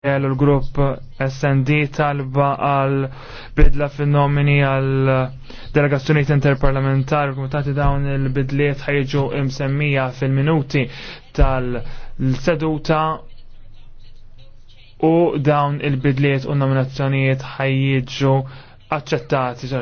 l-grupp SND talba għal bidla fenomeni għal delegazzjoniet interparlamentari komitati dawn il-bidliet ħajġu imsemmija fil-minuti tal-seduta u dawn il-bidliet u nominazzjonijiet ħajġu accettati